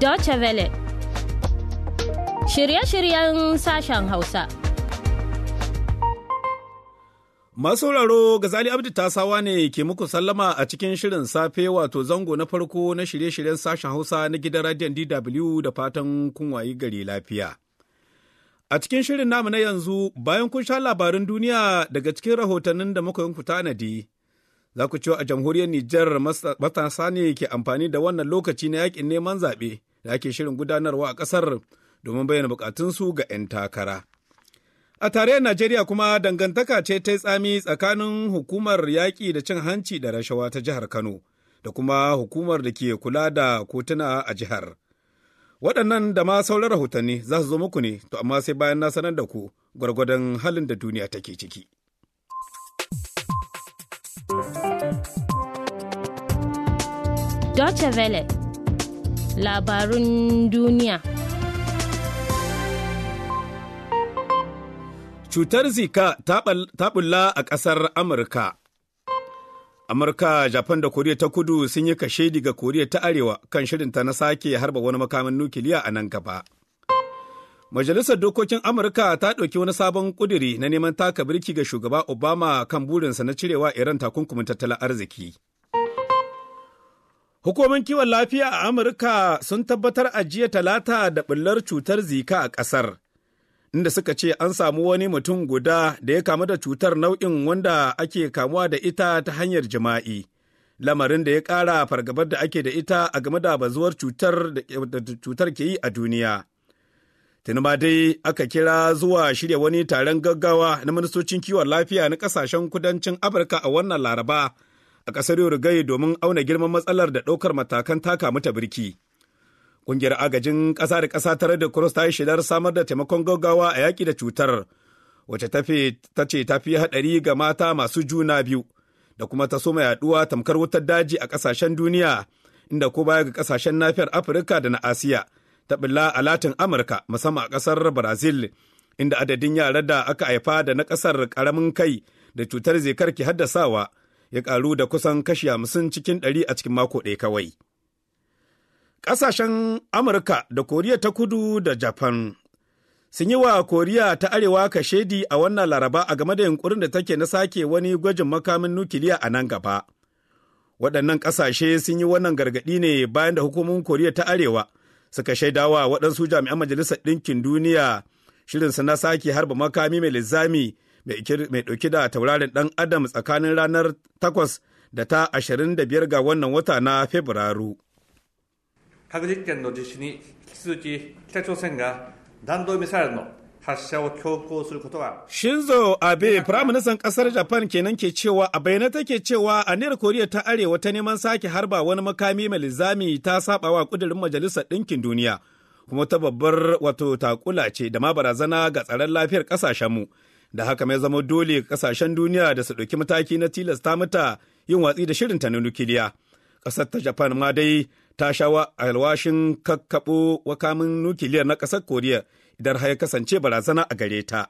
Deutsche Welle. Shirye-shiryen sashen Hausa. Masu sauraro Gazali Abdi Tasawa ne ke muku sallama a cikin shirin safe wato zango na farko na shirye-shiryen sashen Hausa na gidan radiyon DW da fatan kun gari lafiya. A cikin shirin namu na yanzu bayan kun sha labarin duniya daga cikin rahotannin da muka yi tanadi, Za ku cewa a jamhuriyar Nijar matasa ne ke amfani da wannan lokaci na yakin neman zaɓe da ake shirin gudanarwa a ƙasar domin bayyana bukatunsu ga 'yan takara. A tarayyar Najeriya kuma dangantaka ce ta yi tsami tsakanin hukumar yaƙi da cin hanci da rashawa ta jihar Kano da kuma hukumar da ke kula da kotuna a jihar. Waɗannan da ma sauran rahotanni za su zo muku ne, to amma sai bayan na sanar da ku gwargwadon halin da duniya take ciki. Deutsche Welle labarun duniya. Cutar Zika ta bulla a ƙasar Amurka. Amurka, Japan da Koriya ta kudu sun yi kashe daga Koriya ta Arewa kan shirinta na sake harba wani makamin nukiliya a nan gaba. Majalisar Dokokin Amurka ta ɗauki wani sabon ƙudiri na neman taka birki ga shugaba Obama kan burinsa na cirewa Iran takunkumin tattalin arziki. Hukumomin kiwon lafiya a Amurka sun tabbatar ajiye talata da ɓullar cutar zika a ƙasar, inda suka ce an samu wani mutum guda da ya kamu da cutar nau'in wanda ake kamuwa da ita ta hanyar jima'i. Lamarin da ya ƙara fargabar da ake da ita a game da bazuwar cutar da cutar ke yi a duniya. Tuni ma dai aka kira zuwa shirya wani taron gaggawa na ministocin kiwon lafiya na ƙasashen kudancin Afirka a wannan Laraba. a ƙasar Yorugai domin auna girman matsalar da ɗaukar matakan taka mata birki. Ƙungiyar agajin ƙasa da ƙasa ta da Cross ta yi shidar samar da taimakon gaggawa a yaƙi da cutar, wacce ta ce ta fi haɗari ga mata masu juna biyu, da kuma ta soma yaɗuwa tamkar wutar daji a ƙasashen duniya, inda ko baya ga ƙasashen nafiyar Afirka da na Asiya, ta ɓilla a Latin Amurka musamman a ƙasar Brazil, inda adadin yaran da aka haifa da na ƙasar ƙaramin kai da cutar zai ke haddasawa ya ƙaru da kusan kashi hamsin cikin ɗari a cikin mako ɗaya kawai. Ƙasashen Amurka da Koriya ta kudu da Japan sun yi wa Koriya ta Arewa kashedi a wannan laraba a game da yunkurin da take na sake wani gwajin makamin nukiliya a nan gaba. Waɗannan ƙasashe sun yi wannan gargaɗi ne bayan da hukumomin Koriya ta Arewa suka shaidawa waɗansu jami'an Majalisar Ɗinkin Duniya shirinsa na sake harba makami mai lizami. mai ɗauke da taurarin ɗan adam tsakanin ranar 8 da ta 25 ga wannan wata na Fabrairu. Shinzo Abe, Firaministan ƙasar Japan kenan ke cewa a bayyana take cewa aniyar Koriya ta Arewa ta neman sake harba wani makami mai lizami ta saba wa ƙudurin Majalisar Ɗinkin Duniya, kuma ta babbar wato takula ce da ma barazana ga tsaron lafiyar ƙasashenmu. mu. da haka mai zama dole kasashen duniya da su ɗauki mataki na tilasta mata yin watsi da shirinta na nukiliya ƙasar ta japan ma dai ta sha alwashin kakkaɓo wakamin nukiliya na ƙasar koriya idan har ya kasance barazana a gare ta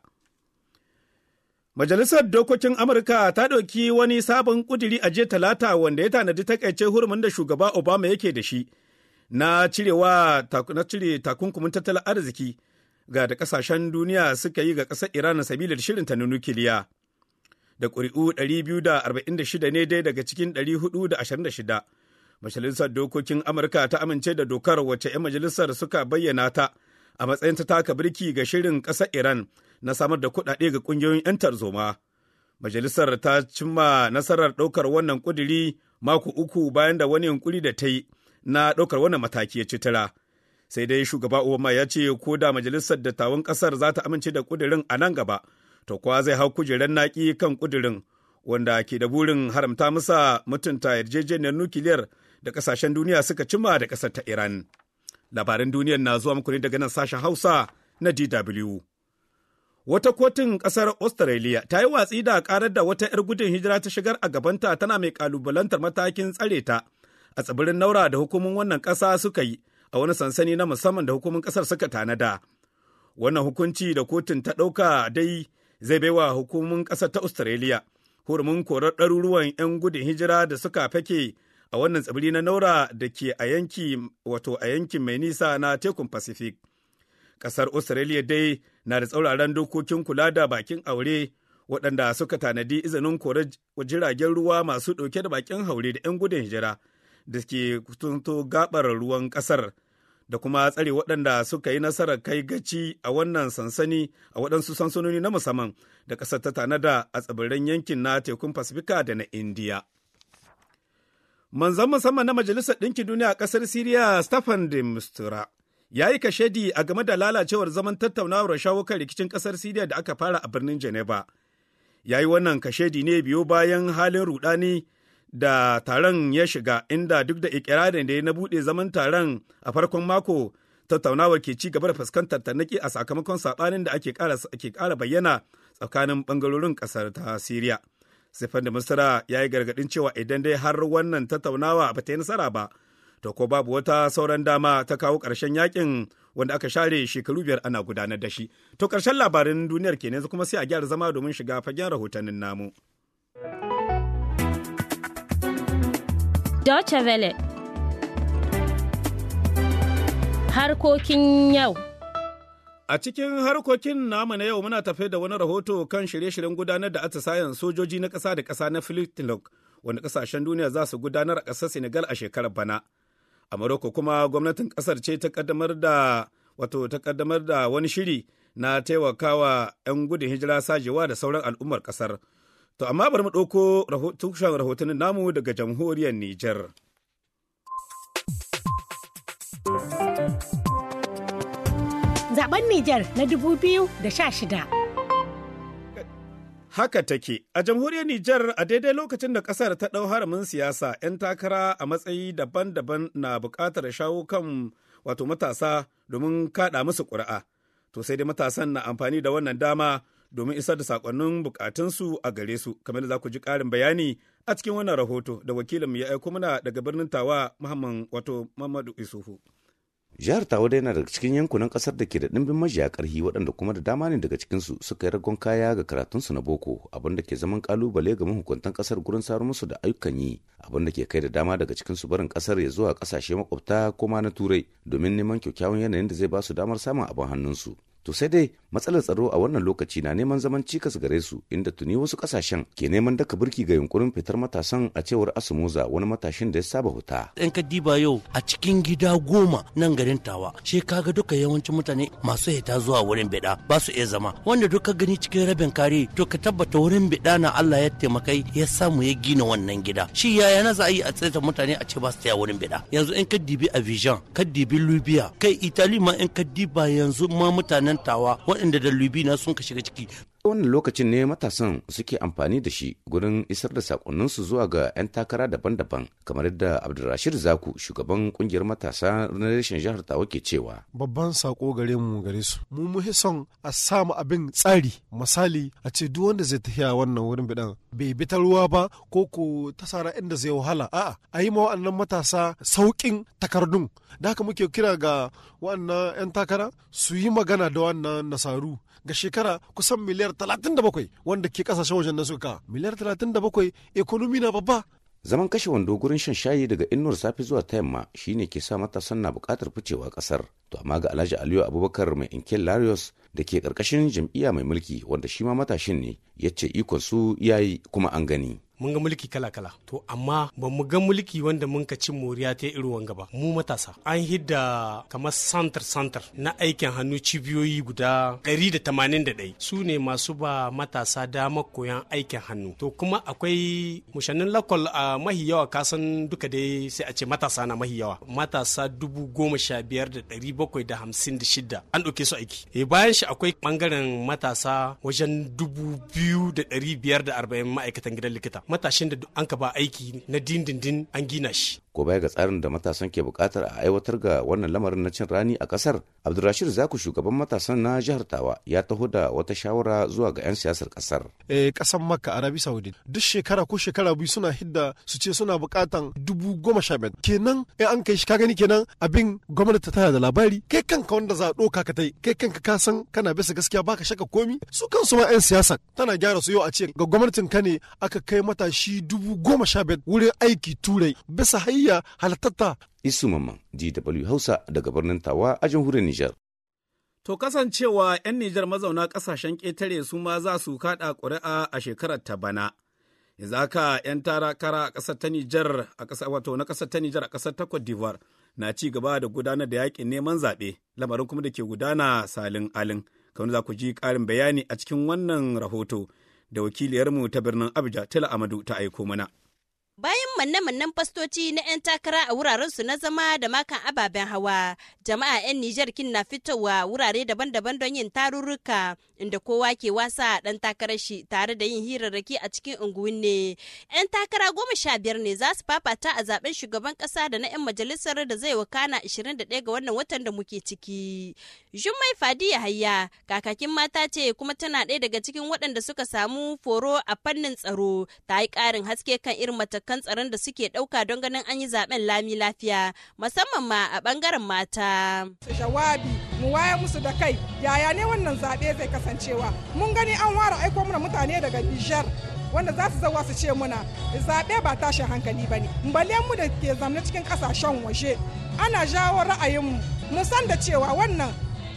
majalisar dokokin amurka ta ɗauki wani sabon ƙudiri a jiya talata wanda ya tanadi takaice hurumin da shugaba obama yake da shi na na cire takunkumin tattalin arziki ga da kasashen duniya suka yi ga ƙasar Iran sabila da shirinta na nukiliya. Da ƙuri'u 246 ne dai daga cikin 426. Majalisar Dokokin Amurka ta amince da dokar wacce 'yan majalisar suka bayyana ta a matsayin ta taka birki ga shirin ƙasar Iran na samar da kuɗaɗe ga ƙungiyoyin 'yan tarzoma. Majalisar ta cimma nasarar ɗaukar wannan ƙuduri mako uku bayan da wani yunkuri da ta yi na ɗaukar wannan mataki ya ci tara. sai dai shugaba obama ya ce ko da majalisar dattawan kasar za ta amince da kudirin a nan gaba to kuwa zai hau kujerar naki kan kudirin wanda ke da burin haramta masa mutunta yarjejeniyar nukiliyar da kasashen duniya suka cima da kasar ta iran labarin duniyar na zuwa muku ne daga nan sashen hausa na dw wata kotun kasar australia ta yi watsi da karar da wata 'yar gudun hijira ta shigar a gabanta tana mai kalubalantar matakin tsare ta a tsibirin naura da hukumin wannan ƙasa suka yi a wani sansani na musamman da hukumin kasar suka tanada. Wannan hukunci da kotun ta ɗauka dai zai baiwa hukumin ƙasar ta Australia hurumin korar ɗaruruwan 'yan gudun hijira da suka fake a wannan tsibiri na Naura da ke a yanki wato a yankin mai nisa na tekun Pacific. kasar Australia dai na da tsauraran dokokin kula da bakin aure waɗanda suka tanadi izinin korar jiragen ruwa masu ɗauke da bakin haure da 'yan gudun hijira da ke kusanto gabar ruwan kasar da kuma tsare waɗanda suka yi nasarar kai gaci a wannan sansani a waɗansu sansanoni na musamman da ƙasar ta tanada a tsibirin yankin na tekun Fasifika da na Indiya. Manzan musamman na Majalisar Ɗinkin Duniya a ƙasar Siriya stephen de Mistura ya yi kashedi a game da lalacewar zaman tattaunawar shawo rikicin ƙasar Siriya da aka fara a birnin Geneva. Ya yi wannan kashedi ne biyo bayan halin rudani da taron ya shiga inda duk da ikirarin da ya na buɗe zaman taron a farkon mako tattaunawar ke ci gaba da fuskantar tarnaki a sakamakon saɓanin da ake ƙara bayyana tsakanin ɓangarorin ƙasar ta Siriya. Sifan da masara ya yi gargaɗin cewa idan dai har wannan tattaunawa ba ta yi nasara ba, to ko babu wata sauran dama ta kawo ƙarshen yakin wanda aka share shekaru biyar ana gudanar da shi. To ƙarshen labarin duniyar kenan kuma sai a gyara zama domin shiga fagen rahotannin namu. Deutsche Welle Harkokin yau A cikin harkokin namu na yau muna tafe da wani rahoto kan shirye-shiryen gudanar da atisayen sojoji na ƙasa da ƙasa na Philippines wani ƙasashen duniya za su gudanar a ƙasar Senegal a shekarar bana. A Morocco kuma gwamnatin ƙasar ce ta ƙaddamar da wato ta ƙaddamar da wani shiri na taimakawa 'yan gudun hijira sajewa da sauran al'ummar ƙasar. To amma bari mu ɗauko tushen rahotannin namu daga jamhuriyar Nijar. Zaben Nijar na da 2016. Haka take, a jamhuriyar Nijar a daidai lokacin da ƙasar ta ɗau haramin siyasa, 'yan takara a matsayi daban-daban na buƙatar shawo kan wato matasa domin kaɗa musu ƙuri'a. To sai dai matasan na amfani da wannan dama domin isar da sakonnin bukatunsu a gare su kamar da za ku ji karin bayani a cikin wannan rahoto da wakilin ya aiko mana daga birnin tawa muhammad wato muhammadu isufu jihar tawa dai na daga cikin yankunan kasar da ke da ɗimbin majiya karhi waɗanda kuma da dama ne daga cikinsu suka yi ragon kaya ga karatunsu na boko abin da ke zaman kalubale ga mahukuntan kasar gurin saro musu da ayyukan yi abin da ke kai da dama daga cikinsu barin kasar ya zuwa ƙasashe makwabta ko ma na turai domin neman kyakkyawan yanayin da zai ba su damar samun abin hannunsu To sai dai matsalar tsaro a wannan lokaci na neman zaman cikas gare su inda tuni wasu kasashen ke neman daka birki ga yunkurin fitar matasan a cewar asumoza wani matashin da ya saba huta. In ka diba yau a cikin gida goma nan garin tawa shi kaga duka yawancin mutane masu hita zuwa wurin biɗa ba su iya zama wanda duka gani cikin rabin kare to ka tabbata wurin biɗa na Allah ya taimakai ya samu ya gina wannan gida. Shi yaya na za a yi a tsaita mutane a ce ba su taya wurin bida. Yanzu in ka dibi Abidjan, ka dibi Libya, kai Italy ma in ka diba yanzu ma mutanen 'yan waɗanda dalibi na sun ka shiga ciki wannan lokacin ne matasan suke amfani da shi gurin isar da sakonninsu zuwa ga 'yan takara daban-daban kamar yadda abdulrashid zaku shugaban kungiyar matasa na reshen jihar tawa ke cewa babban sako gare mu gare su mu muhi son a samu abin tsari misali a ce duk wanda zai tafiya wannan wurin bidan bai bi ta ruwa ba ko ko tasara inda zai wahala a'a a yi ma wa'annan matasa saukin takardun da haka muke kira ga wa'annan 'yan takara su yi magana da wannan nasaru ga shekara kusan miliyar 37 wanda ke kasashen wajen na suka miliyar 37 ekonomi na babba zaman kashe wando gurin shan shayi daga innuwar safe zuwa ta yamma shine ke sa matasan na bukatar ficewa kasar to amma ga alhaji aliyu abubakar mai inkel larios da ke karkashin jam'iyya mai mulki wanda shi ma matashin ne ya ce ikon su yayi kuma an gani mun ga mulki kala-kala to amma ba mu ga mulki wanda mun ka ci moriya ta irin wanga ba mu matasa an hidda kamar santar santar na aikin hannu cibiyoyi guda da 181 su ne masu ba matasa dama koyan aikin hannu to kuma akwai mushannin lakol a mahi yawa kasan duka dai sai a ce matasa na mahi yawa matasa dubu goma sha biyar da ɗari bakwai da hamsin da shida an ɗauke su aiki e bayan shi akwai ɓangaren matasa wajen dubu biyu da ɗari biyar da arba'in ma'aikatan gidan likita matashin da an ka ba aiki na dindindin an gina shi ko baya ga tsarin da matasan ke bukatar a aiwatar ga wannan lamarin na cin rani a kasar abdulrashid zaku shugaban matasan na jihar tawa ya taho da wata shawara zuwa ga 'yan siyasar kasar eh kasan makka arabi saudi duk shekara ko shekara biyu suna hidda su ce suna bukatan dubu goma sha biyar kenan in an kai shi ka gani kenan abin gwamnati tana da labari kai kanka wanda za a doka ka tai kai kanka ka san kana bisa gaskiya baka shaka komi su kansu ma 'yan siyasar tana gyara su yau a ce ga gwamnatin ka ne aka kai matashi dubu goma sha biyar wurin aiki turai bisa hayya halattata. Isu Mamman, DW Hausa daga birnin Tawa a jamhuriyar Nijar. To kasancewa 'yan Nijar mazauna ƙasashen ƙetare su ma za su kaɗa ƙuri'a a shekarar ta bana. Yanzu haka 'yan tarakara a ƙasar ta Nijar a ƙasar wato na ƙasar ta Nijar a ƙasar ta Cote d'Ivoire na ci gaba da gudanar da yaƙin neman zaɓe lamarin kuma da ke gudana salin alin. Kamar za ku ji ƙarin bayani a cikin wannan rahoto da wakiliyarmu ta birnin Abuja Tala Amadu ta aiko mana. Bayan manne-mannen fastoci na 'yan takara a wuraren su na zama da makan ababen hawa, jama'a 'yan Nijar kin na fitowa wurare daban-daban don yin tarurruka inda kowa ke wasa ɗan takarar shi tare da yin hirarraki a cikin ne, 'Yan takara goma sha biyar ne za su fafata a zaben shugaban ƙasa da na 'yan majalisar da zai wakana 21 ga wannan watan da muke ciki. Jummai fadi Hayya kakakin mata ce kuma tana ɗaya daga cikin waɗanda suka samu foro a fannin tsaro ta yi ƙarin haske kan irin matakan matakan tsaron da suke ɗauka don ganin an yi zaben lami lafiya musamman ma a ɓangaren mata. Jawabi mu waya musu da kai yaya ne wannan zaɓe zai kasancewa mun gani an ware aiko mana mutane daga Nijar wanda za su zauwa su ce muna zaɓe ba tashin hankali ba ne balle mu da ke zamna cikin ƙasashen waje ana jawo ra'ayin mu san da cewa wannan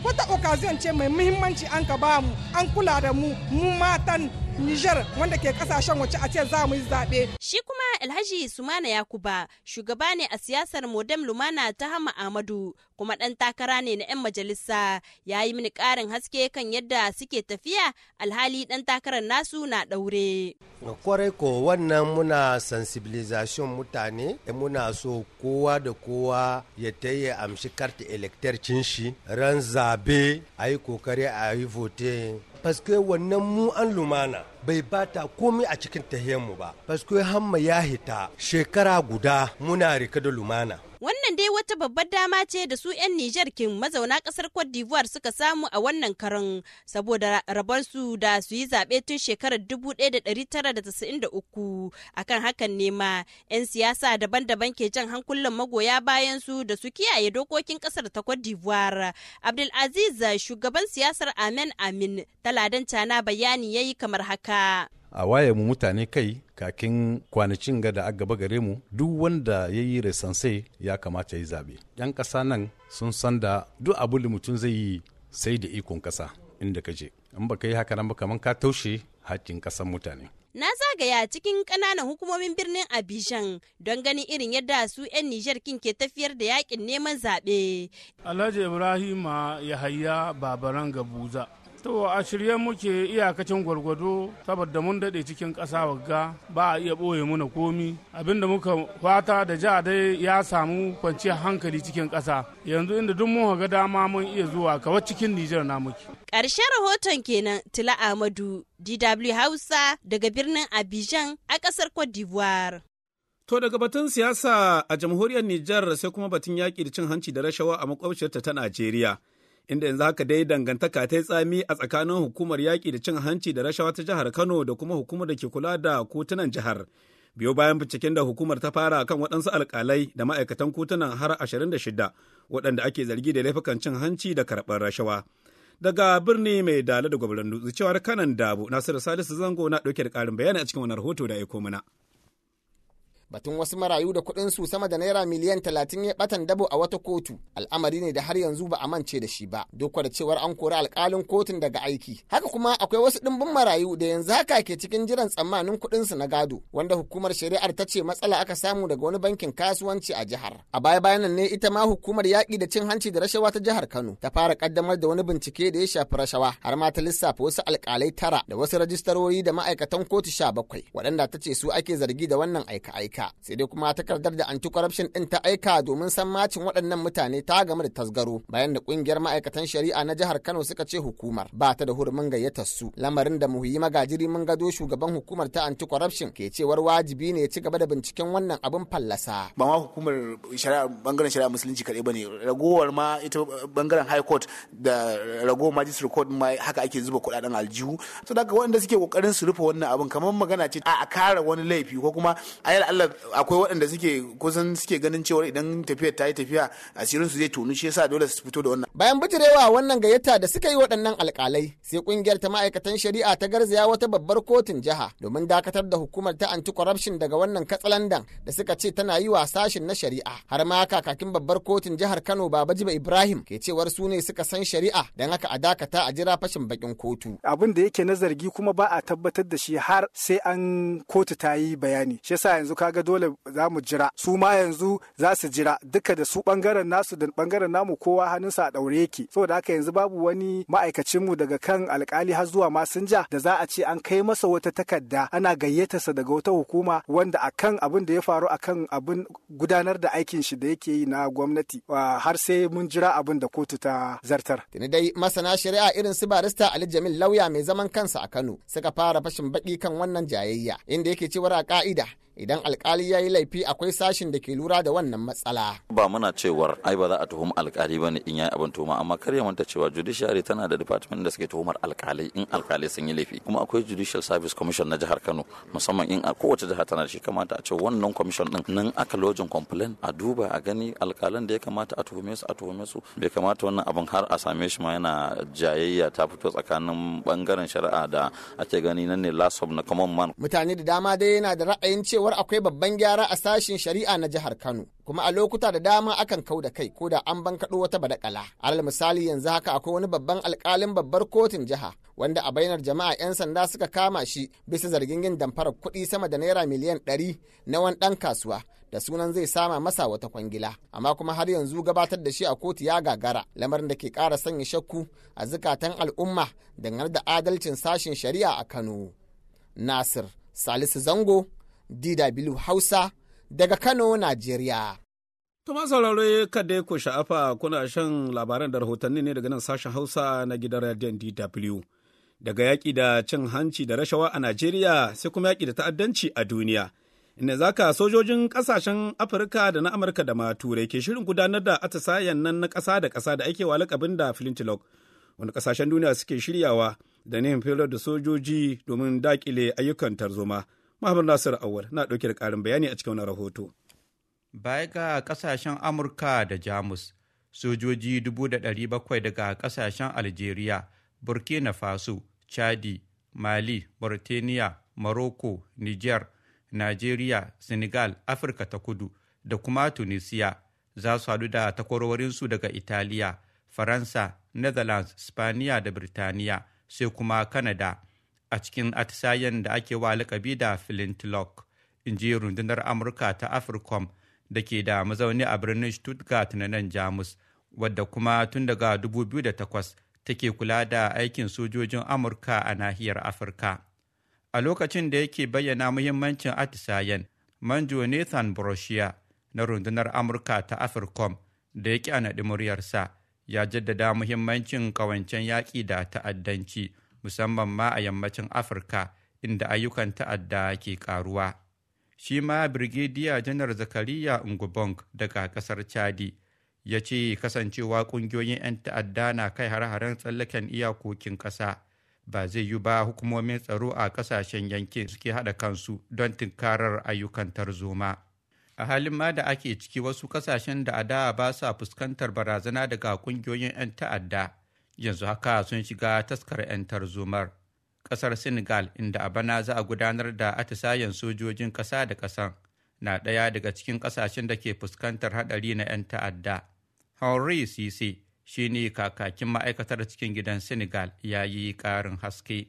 wata occasion ce mai muhimmanci an ka ba mu an kula da mu mu matan Nijar wanda ke kasashen wace a ce za mu yi zaɓe. Shi kuma Alhaji Sumana Yakuba shugaba ne a siyasar Modem Lumana ta Hama Ahmadu kuma ɗan takara ne na 'yan majalisa ya yi mini ƙarin haske kan yadda suke tafiya alhali ɗan takarar nasu na ɗaure. Kwarai ko wannan muna sensibilization mutane eh, muna so kowa da kowa ya ta yi amshi karta elektarcin shi ran zaɓe a yi kokari a yi vote paske wannan mu an lumana bai bata komai a cikin mu ba paskoi hamma ya hita shekara guda muna rika da lumana Wannan dai wata babbar dama ce da su 'yan Nijar kin mazauna ƙasar Cote d'Ivoire suka samu a wannan karan saboda rabonsu da su yi zaɓe tun shekarar 1993 akan hakan ne ma 'yan siyasa daban-daban ke jan hankulan magoya bayan su da su kiyaye dokokin ƙasar ta Cote d'Ivoire. Abdulaziz shugaban siyasar Amen Amin taladan cana bayani yayi kamar haka. a waye mu mutane kai kakin kwanacin ga da gaba gare mu duk wanda ya yi resanse ya kamata ya yi zaɓe. 'Yan ƙasa nan sun san da duk abu da mutum zai yi sai da ikon ƙasa inda ka je. In ka yi haka nan ba kamar ka taushe hakkin ƙasan mutane. Na zagaya cikin ƙananan hukumomin birnin Abidjan don ganin irin yadda su 'yan Nijar kin ke tafiyar da yakin neman zaɓe. Alhaji Ibrahima Yahaya Babaran Gabuza. to a shirye muke iyakacin gwargwado saboda mun daɗe cikin ƙasa wagga ba a iya ɓoye muna komi abinda muka fata da ja dai ya samu kwanciyar hankali cikin ƙasa yanzu inda duk mun ga dama mun iya zuwa kawai cikin nijar na muke ƙarshen rahoton kenan tila amadu dw hausa daga birnin abidjan a ƙasar cote d'ivoire To daga batun siyasa a jamhuriyar Nijar sai kuma batun yaƙi da cin hanci da rashawa a makwabciyarta ta Najeriya. inda yanzu haka dai dangantaka ta yi tsami a tsakanin hukumar yaƙi da cin hanci da rashawa ta jihar Kano da kuma hukumar da ke kula da kotunan jihar. Biyo bayan binciken da hukumar ta fara kan waɗansu alƙalai da ma'aikatan kotunan har 26 waɗanda ake zargi da laifukan cin hanci da karɓar rashawa. Daga birni mai dala da gwabran dutse cewar kanan dabo Nasiru Salisu Zango na ɗauke da ƙarin bayani a cikin wani rahoto da aiko mana. batun wasu marayu da kuɗin su sama da naira miliyan talatin ya batan dabo a wata kotu al'amari ne da har yanzu ba a mance da shi ba duk da cewar an kori alƙalin kotun daga aiki haka kuma akwai wasu ɗimbin marayu da yanzu haka ke cikin jiran tsammanin kuɗin su na gado wanda hukumar shari'ar ta ce matsala aka samu daga wani bankin kasuwanci a jihar a baya bayan ne ita ma hukumar yaƙi da cin hanci da rashawa ta jihar Kano ta fara kaddamar da wani bincike da ya shafi rashawa har ma ta lissafa wasu alƙalai tara da wasu rajistarori da ma'aikatan kotu sha bakwai waɗanda ta ce su ake zargi da wannan aika-aika aika sai dai kuma takardar da anti-corruption din ta aika domin san macin waɗannan mutane ta game da tasgaro bayan da ƙungiyar ma'aikatan shari'a na jihar kano suka ce hukumar ba ta da hurumin gayyatar su lamarin da muhimmi magajiri mun gado shugaban hukumar ta anti-corruption ke cewar wajibi ne ci gaba da binciken wannan abin fallasa ba ma hukumar shari'a bangaren shari'a musulunci kaɗai ba ne ragowar ma ita bangaren high court da ragowar magistrate court ma haka ake zuba kuɗaɗen aljihu to daga waɗanda suke kokarin su rufe wannan abin kamar magana ce a kara wani laifi ko kuma ayar Allah akwai waɗanda suke kusan suke ganin cewa idan tafiyar ta yi tafiya asirin su zai tunu shi yasa dole su fito da wannan bayan bijirewa wannan gayyata da suka yi waɗannan alƙalai sai ƙungiyar ta ma'aikatan shari'a ta garzaya wata babbar kotun jiha domin dakatar da hukumar ta anti corruption daga wannan katsalandan da suka ce tana yi wa sashin na shari'a har ma kakakin babbar kotun jihar Kano Baba Jiba Ibrahim ke cewar su ne suka san shari'a dan haka a dakata a jira fashin bakin kotu abin da yake na zargi kuma ba a tabbatar da shi har sai an kotu ta yi bayani shi yasa yanzu kaga ga dole za mu jira su ma yanzu za su jira duka da su bangaren nasu da bangaren namu kowa hannunsa a daure yake saboda haka yanzu babu wani ma'aikacin mu daga kan alkali har zuwa masinja da za a ce an kai masa wata takarda ana gayyata sa daga wata hukuma wanda akan abin da ya faru akan abin gudanar da aikin shi da yake yi na gwamnati har sai mun jira abin da kotu ta zartar. Tuni dai masana shari'a irin su barista Ali Jamil lauya mai zaman kansa a Kano suka fara fashin baki kan wannan jayayya inda yake cewar a ka'ida idan alkali ya yi laifi akwai sashin da ke lura da wannan matsala. Ba muna cewar ai ba za a tuhumi alkali ba ne in ya yi abin tuhuma amma kar ya manta cewa judiciary tana da department da suke tuhumar alkalai in alkali sun yi laifi kuma akwai judicial service commission na jihar Kano musamman in a kowace jiha tana da shi kamata a ce wannan commission din nan aka lojin complaint a duba a gani alkalan da ya kamata a tuhume su a tuhume su bai kamata wannan abin har a same shi ma yana jayayya ta fito tsakanin bangaren shari'a da ake gani nan ne last na common man. Mutane da dama dai yana da ra'ayin cewa cewar akwai babban gyara a sashin shari'a na jihar Kano. kuma a lokuta da dama akan kau da kai ko da an bankaɗo wata badakala alal misali yanzu haka akwai wani babban alkalin babbar kotun jiha wanda a bainar jama'a 'yan sanda suka kama shi bisa zargin yin damfarar kuɗi sama da naira miliyan 100 na wani ɗan kasuwa da sunan zai sama masa wata kwangila amma kuma har yanzu gabatar da shi a kotu ya gagara lamarin da ke ƙara sanya shakku a zukatan al'umma dangane da adalcin sashin shari'a a kano nasir salisu zango DW Hausa daga Kano, Najeriya. Tuma sauraro kada ku sha'afa kuna shan labaran da rahotanni ne daga nan sashen Hausa na gidan radiyon DW. Daga yaƙi da cin hanci da rashawa a Najeriya sai kuma yaƙi da ta'addanci a duniya. Inda ka, sojojin ƙasashen Afirka da na Amurka da ma Turai ke shirin gudanar da atisayen nan na ƙasa da ƙasa da ake wa lakabin da Flintlock, wani ƙasashen duniya suke shiryawa da neman filar da sojoji domin daƙile ayyukan tarzoma. Muhammad Nasir Awal na ɗauke da ƙarin bayani a cikin wani rahoto. Baya ga ƙasashen Amurka da Jamus, sojoji dubu da bakwai daga ƙasashen Algeria, Burkina Faso, Chadi, Mali, Mauritania, Morocco, Niger, Nigeria, Senegal, Afirka ta Kudu da kuma Tunisia za su haɗu da takwarorinsu daga Italiya, Faransa, Netherlands, Spaniya da Birtaniya, sai kuma Kanada. a cikin atisayen da ake wa alƙabi da flintlock in ji rundunar amurka ta africom da ke da mazauni a birnin stuttgart na nan jamus wadda kuma tun daga 2008 take kula da aikin sojojin amurka a nahiyar afirka a lokacin da yake bayyana muhimmancin atisayen manjo nathan Brochia na rundunar amurka ta afirkom da yake a naɗi muryarsa ya jaddada muhimmancin ƙawancen yaƙi da ta'addanci musamman ma a yammacin afirka inda ayyukan ta'adda ke karuwa shi ma birgidiya janar zakariya ngubong daga kasar chadi ya ce kasancewa kungiyoyin 'yan ta'adda na kai har-haren tsallaken iyakokin ƙasa ba zai yi ba hukumomin tsaro a ƙasashen yankin suke haɗa kansu don tinkarar ayyukan tarzoma. a halin ma da ake ciki wasu kasashen da a da ba sa fuskantar barazana daga kungiyoyin 'yan ta'adda yanzu haka sun shiga taskar 'yan tarzomar ƙasar senegal inda a bana za a gudanar da atisayen sojojin kasa da kasan na ɗaya daga cikin ƙasashen da ke fuskantar haɗari na 'yan ta'adda henry cc shi ne kakakin ma'aikatar cikin gidan senegal ya yi ƙarin haske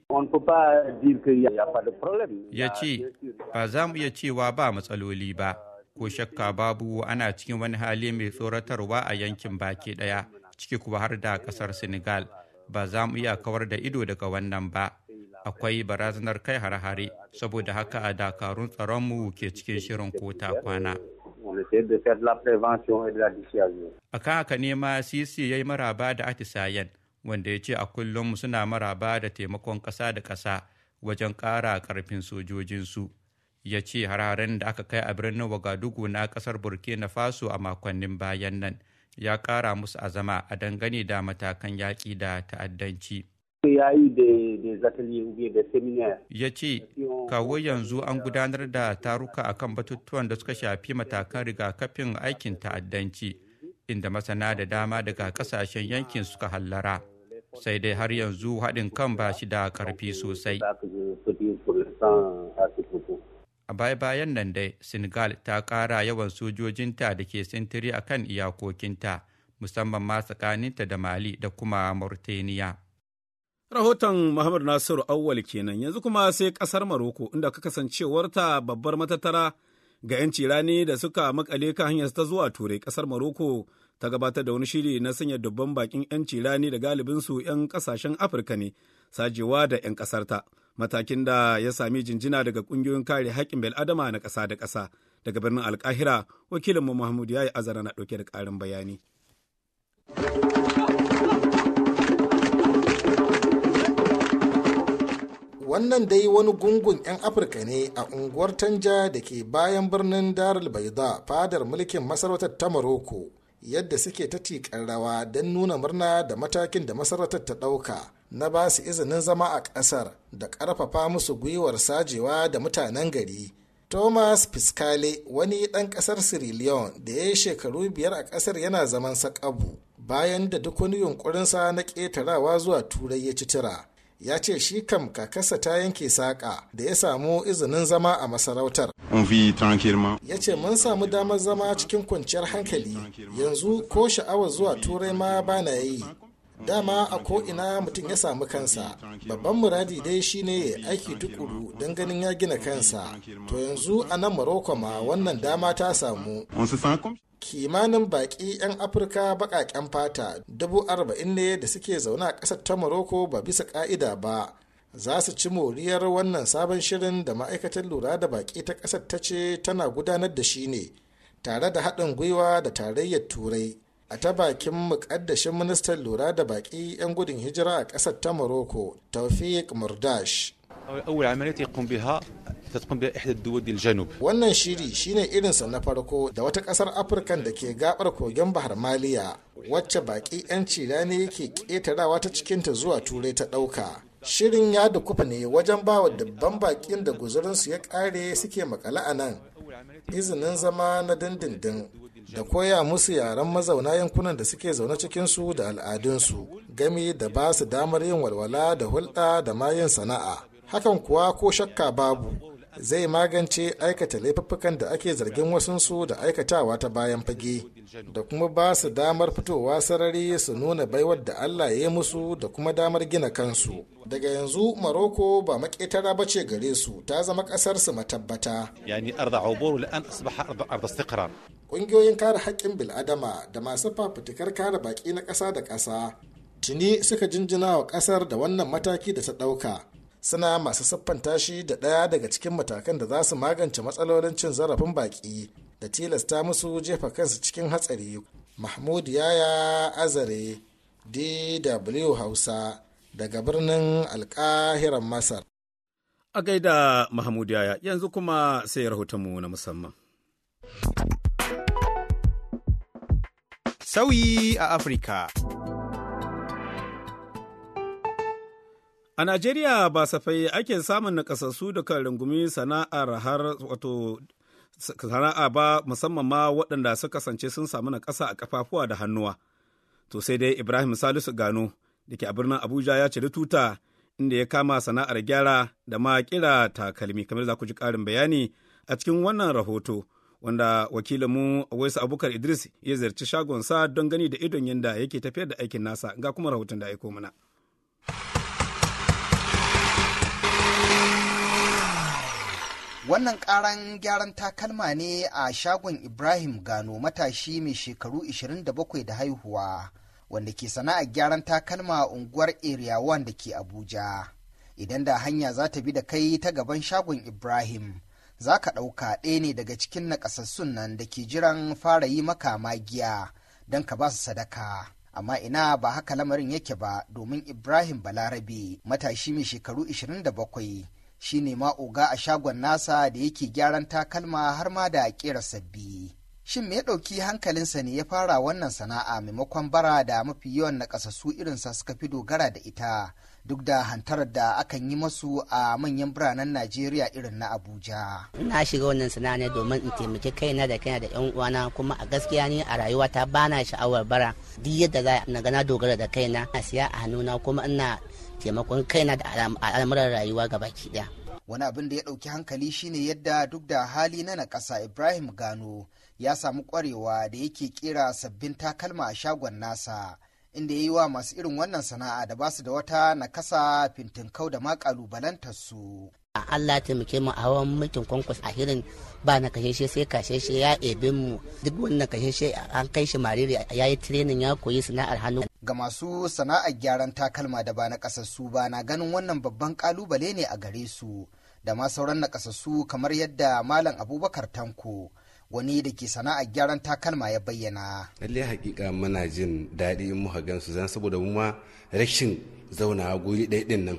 ya ce ba za mu iya cewa ba matsaloli ba ko shakka babu ana cikin wani hali mai tsoratarwa a yankin baki ɗaya ciki kuwa har da kasar Senegal ba za mu iya kawar da ido daga wannan ba. Akwai barazanar kai harhare saboda haka a dakarun tsaronmu ke cikin shirin kota kwana. A kan haka ne ma Sisi ya yi maraba da atisayen wanda ya ce a kullum suna maraba da taimakon kasa da kasa wajen ƙara karfin sojojinsu. ya ce hararen da aka kai a birnin wagadugu na kasar burkina faso a makonnin bayan nan ya ƙara musu azama a dangane da matakan yaƙi da ta'addanci. Ya ce, kawo yanzu an gudanar da taruka a kan batutuwan da suka shafi matakan rigakafin aikin ta'addanci, inda masana da dama daga ƙasashen yankin suka hallara. Sai dai har yanzu haɗin kan ba shi da ƙarfi sosai. a baya-bayan nan dai senegal ta kara yawan sojojinta da ke sintiri a kan iyakokinta musamman ma tsakaninta da mali da kuma mauritaniya rahoton muhammad nasiru awwal kenan yanzu kuma sai kasar maroko inda ka kasancewarta babbar matattara ga 'yanci rani da suka makale kan hanyar ta zuwa turai kasar maroko ta gabatar da wani shiri na sanya dubban bakin 'yanci rani da galibinsu 'yan kasashen afirka ne sajewa da 'yan kasarta matakin da ya sami jinjina daga kungiyoyin kare haƙƙin beladama na ƙasa da ƙasa daga birnin alkahira wakilinmu mahmud ya yi azara na ɗauke da ƙarin bayani wannan dai wani gungun 'yan afirka ne a unguwar tanja da ke bayan birnin darul baida fadar mulkin masarautar ta maroko yadda suke ta rawa don nuna murna da matakin da masarautar ta ɗauka na ba su izinin zama a ƙasar da ƙarfafa musu gwiwar sajewa da mutanen gari thomas piscale wani ɗan ƙasar sierra leone da ya yi shekaru biyar a ƙasar yana zaman sakabu bayan da duk wani yunƙurinsa na ƙetarawa zuwa turai ya ci tira ya ce shi kam kakarsa ta yanke saƙa da ya samu izinin zama a masarautar. Ya ce mun samu damar zama cikin kwanciyar hankali yanzu ko sha'awar zuwa turai ma bana yi dama a ko'ina mutum ya samu kansa babban muradi dai shine ya aiki tukuru don ganin ya gina kansa to yanzu a nan maroko ma wannan dama ta samu kimanin baƙi 'yan afirka baƙaƙen fata dubu arba'in ne da suke zaune a ƙasar ta maroko ba bisa ƙa'ida ba za su ci moriyar wannan sabon shirin da ma'aikatar lura da baki ta ƙasar ta ce tana gudanar da shi ne tare da haɗin gwiwa da tarayyar turai a ta bakin mukaddashin ministan lura da baki 'yan gudun hijira a ƙasar ta morocco taufik murdash wannan shiri shine irinsa na farko da wata kasar afirka da ke gabar kogin bahar maliya wacce baki 'yan 'yanci ne yake ƙetarawa ta cikinta zuwa turai ta ɗauka shirin ya dukufa ne wajen bawa dabban bakin da guzurinsu ya ƙare suke makala a nan izinin zama na dindindin da koya musu yaren mazauna yankunan da suke zaune cikinsu da al'adunsu gami da ba su damar yin walwala da hulɗa da ma yin sana'a hakan kuwa ko shakka babu zai magance aikata laifuffukan da ake zargin wasunsu da aikatawa ta bayan fage da kuma ba su damar fitowa sarari su nuna baiwar da allah ya yi musu da kuma damar gina kansu daga yanzu maroko ba maƙetara ba ce gare su ta zama ƙasar su matabbata yani arda an asbaha arda ƙungiyoyin kare haƙƙin bil'adama da masu fafutukar kare baƙi na ƙasa da ƙasa tuni suka jinjina wa ƙasar da wannan mataki da ta ɗauka suna masu siffanta shi da ɗaya daga cikin matakan da za su magance matsalolin cin zarafin baƙi da tilasta musu jefa kansu cikin hatsari mahmud yaya azare dw hausa daga birnin alkahiran masar a gaida mahmud yaya yanzu kuma sai rahotonmu na musamman sauyi a afirka A Najeriya ba safai ake samun nakasassu da kan rungumi sana'ar har wato sana'a ba musamman ma waɗanda suka kasance sun samu na ƙasa a kafafuwa da hannuwa. To sai dai Ibrahim Salisu Gano da ke a birnin Abuja ya ciri tuta inda ya kama sana'ar gyara da ma kira takalmi kamar za ku ji ƙarin bayani a cikin wannan rahoto wanda wakilinmu Waisu Abubakar Idris ya ziyarci shagonsa don gani da idon yadda yake tafiyar da aikin nasa ga kuma rahoton da aiko mana. Wannan karan gyaran takalma ne a shagon Ibrahim Gano matashi mai shekaru 27 da haihuwa wanda ke sana'a gyaran takalma unguwar Area 1 da ke Abuja. Idan da hanya za ta bi da kai ta gaban shagon Ibrahim, za ka ɗauka ɗaya ne daga cikin nakasassun nan da ke jiran fara yi maka magiya don ka ba su sadaka. amma ina ba haka lamarin yake ba domin Ibrahim Balarabe matashi mai shekaru 27 shi ne ma oga a shagon nasa da yake gyaran takalma har ma da kera sabbi. Shin me ya ɗauki hankalinsa ne ya fara wannan sana'a maimakon bara da mafi yawan nakasassu irinsa suka fi dogara da ita duk da hantar da akan yi masu a manyan biranen Najeriya irin na Abuja. Na shiga wannan sana'a ne domin in taimaki kaina da kaina da yan uwana kuma a gaskiya ni a rayuwa rayuwata bana sha'awar bara duk yadda za na gana dogara da kaina na siya a hannuna kuma ina taimakon kaina da al'amuran rayuwa ga baki daya wani abin da ya ɗauki hankali shine yadda duk da hali na na ƙasa ibrahim gano ya samu ƙwarewa da yake ƙera sabbin takalma a shagon nasa inda ya yi wa masu irin wannan sana'a da basu da wata na fintin kau da ma ƙalubalantar su a Allah ta taimake mu a hawan mulkin kwankwas a hirin ba na kashe shi sai kashe shi ya ebe mu duk wannan kashe shi an kai shi mariri ya yi tirenin ya koyi sana'ar hannu. Ga masu sana'ar gyaran takalma da ba na kasassu ba na ganin wannan babban kalubale ne a gare su da ma sauran na kasassu kamar yadda Malam Abubakar Tanko. wani da ke sana'ar gyaran takalma ya bayyana. Lallai hakika muna jin daɗi in muka su zan saboda mu ma rashin zaunawa guri ɗaya ɗin nan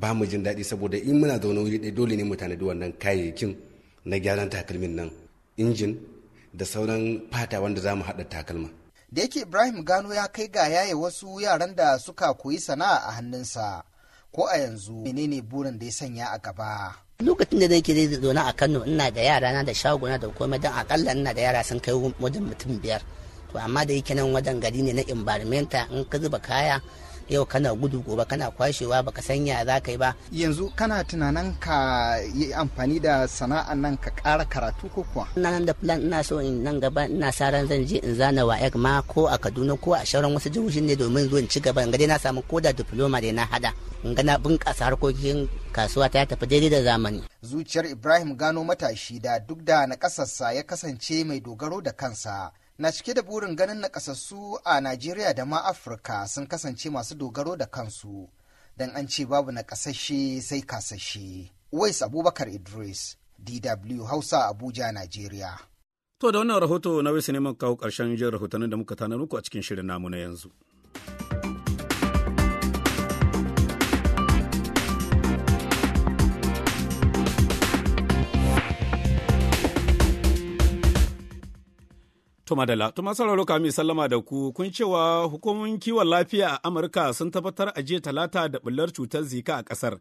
ba mu jin daɗi saboda in muna zaune wuri ɗaya dole ne mu tanadi wannan kayayyakin na gyaran takalmin nan injin da sauran fata wanda za mu haɗa takalma. Da yake Ibrahim Gano ya kai ga yaye wasu yaran da suka koyi sana'a a hannunsa ko a yanzu menene burin da ya sanya a gaba. Lokacin da nake zai zaune a Kano ina da yara na da shaguna da komai don akalla ina da yara sun kai wajen mutum biyar. To amma da yake nan wajen gari ne na environmental in ka zuba kaya yau kana gudu gobe kana kwashewa baka san ya za ka yi ba yanzu kana tunanin ka yi amfani da sana'a nan ka ƙara karatu ko kuwa ina nan da plan ina so in nan gaba ina sa ran zan je in zana wa ma ko a Kaduna ko a shauran wasu jihohin ne domin zuwa in ci gaba in ga dai na samu ko da diploma da na hada in ga na bunƙasa harkokin kasuwa ta tafi daidai da zamani. Zuciyar Ibrahim gano matashi da duk da na ƙasarsa ya kasance mai dogaro da kansa na cike da burin ganin nakasassu a Najeriya da ma Afirka sun kasance masu dogaro da kansu don an ce babu nakasashe sai kasashe. Wais Abubakar Idris, DW Hausa Abuja, Najeriya. To da wannan rahoto na su ne kawo ƙarshen jin rahotannin da muka tanar muku a cikin shirin namu na yanzu. Tumadala, tuma sauraro kami sallama da ku kun cewa hukumomin kiwon lafiya a Amurka sun tabbatar a jiya talata da bullar cutar zika a ƙasar,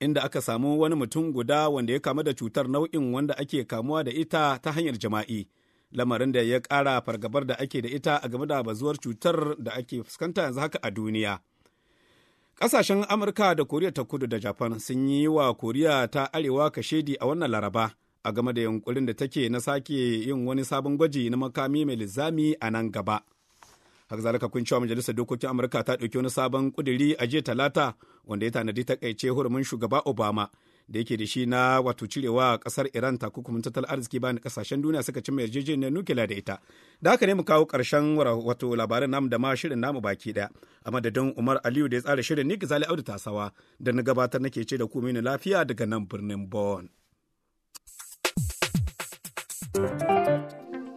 inda aka samu wani mutum guda wanda ya kamu da cutar nau'in wanda ake kamuwa da ita ta hanyar jama'i. Lamarin da ya ƙara fargabar da ake da ita a game da bazuwar cutar da ake fuskanta yanzu haka a duniya. Ƙasashen Amurka da Koriya ta Kudu da Japan sun yi wa Koriya ta Arewa kashedi a wannan Laraba. a game da yunkurin da take na sake yin wani sabon gwaji na makami mai lizami a nan gaba. haka zalika kun cewa majalisar dokokin amurka ta ɗauki wani sabon ƙudiri a jiya talata wanda ya tanadi takaice hurumin shugaba obama da yake da shi na wato cirewa ƙasar iran takunkumin tattalin arziki bayan ƙasashen duniya suka cimma yarjejeniyar nukila da ita da haka ne mu kawo ƙarshen wato labarin namu da ma shirin namu baki ɗaya a madadin umar aliyu da ya tsara shirin ni gizali audu tasawa da na gabatar nake ce da ku mini lafiya daga nan birnin bon.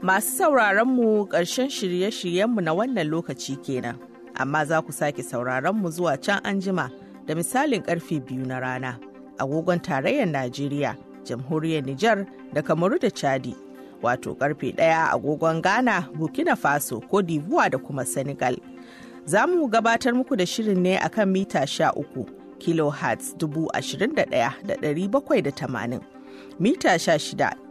Masu sauraron mu ƙarshen shirye-shiryenmu na wannan lokaci kenan, amma za ku sake sauraron mu zuwa can anjima da misalin karfe biyu na rana, agogon tarayyar Najeriya, jamhuriyar Nijar da Kamaru da Chadi, wato karfe ɗaya agogon Ghana, Burkina Faso, ko Divuwa da kuma Senegal. Za mu gabatar muku da shirin ne akan mita sha uku. dubu ashirin da da bakwai da tamanin, mita sha shida.